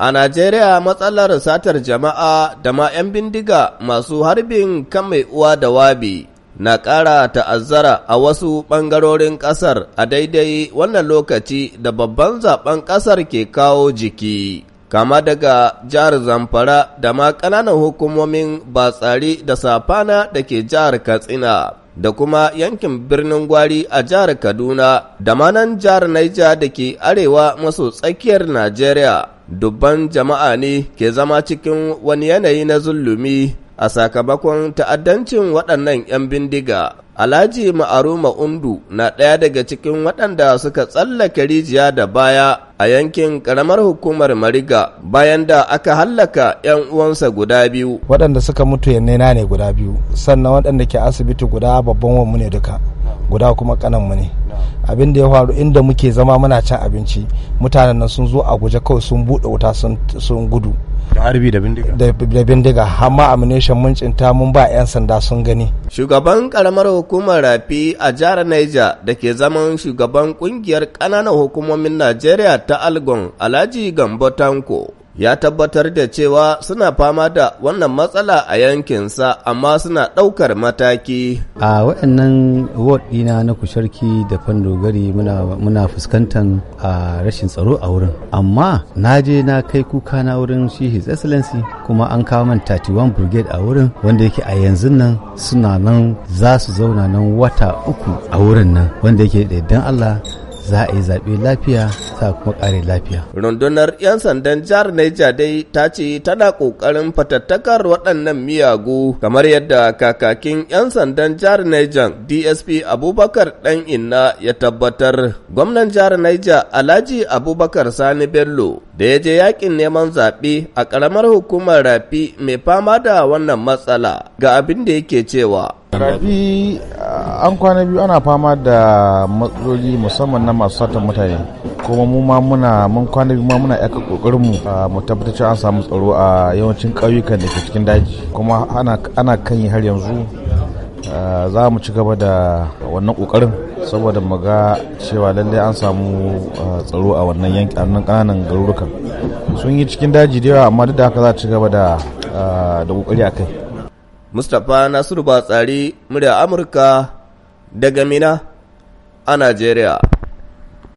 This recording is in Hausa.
A Najeriya matsalar satar jama'a da ma 'yan bindiga masu harbin kan mai uwa da wabi na ƙara ta'azzara a wasu ɓangarorin ƙasar a daidai wannan lokaci da babban zaben ƙasar ke kawo jiki. Kama daga jihar Zamfara da ma ƙananan hukumomin Batsari da Safana da ke jihar Katsina. da kuma yankin birnin Gwari a jihar Kaduna da manan jihar Naija da ke arewa maso tsakiyar Najeriya. dubban jama'a ne ke zama cikin wani yanayi na zullumi a sakamakon ta'addancin waɗannan 'yan bindiga. Alhaji Ma'aruma Undu na ɗaya daga cikin waɗanda suka tsallaka rijiya da baya a yankin ƙaramar hukumar Mariga bayan da aka hallaka 'yan uwansa guda biyu. Waɗanda suka mutu yannena ne guda biyu, sannan waɗanda ke asibiti guda babban wanmu ne duka, guda kuma ƙananmu ne. abin da ya faru inda muke zama muna cin abinci mutanen nan sun zo a guje kawai sun buɗe wuta sun gudu da harbi da bindiga da bindiga amma amination mun cinta mun ba 'yan sanda sun gani shugaban karamar hukumar rafi a jihar Niger da ke zaman shugaban kungiyar kananan hukumomin Najeriya ta Algon Alhaji Gambo Tanko ya tabbatar da cewa suna fama da wannan matsala a yankinsa amma suna ɗaukar mataki. A waɗannan ward ɗina na kusharki da fandogari muna fuskantar a rashin tsaro a wurin. Amma na je na kai kuka na wurin shi His Excellency kuma an kawo man 31 Brigade a wurin wanda yake a yanzu nan suna nan za su zauna nan wata uku a wurin nan wanda yake da Allah za a yi zaɓe lafiya sa kuma ƙare lafiya. Rundunar 'yan sandan jihar Neja dai ta ce tana ƙoƙarin fatattakar waɗannan miyagu kamar yadda kakakin 'yan sandan jihar Neja DSP Abubakar ɗan inna ya tabbatar. Gwamnan jihar Neja Alhaji Abubakar Sani Bello da ya je yakin neman zaɓe a ƙaramar hukumar Rafi mai fama da wannan matsala ga abin da yake cewa. Rafi an kwana biyu ana fama da matsaloli musamman na masu satan mutane. kuma mu ma muna mun kwana ma muna yaka kokarin mu ah, mu tabbatar an samu tsaro a yawancin ƙauyukan da ke cikin daji kuma ana kan yi har yanzu ah, za mu ci gaba da wannan kokarin saboda mu ga cewa lalle an samu ah, tsaro a wannan yanki a nan kananan garurukan sun yi cikin daji da yawa amma duk da haka za ci gaba da da kokari akai Mustapha Nasiru Batsari murya Amurka daga Mina a Najeriya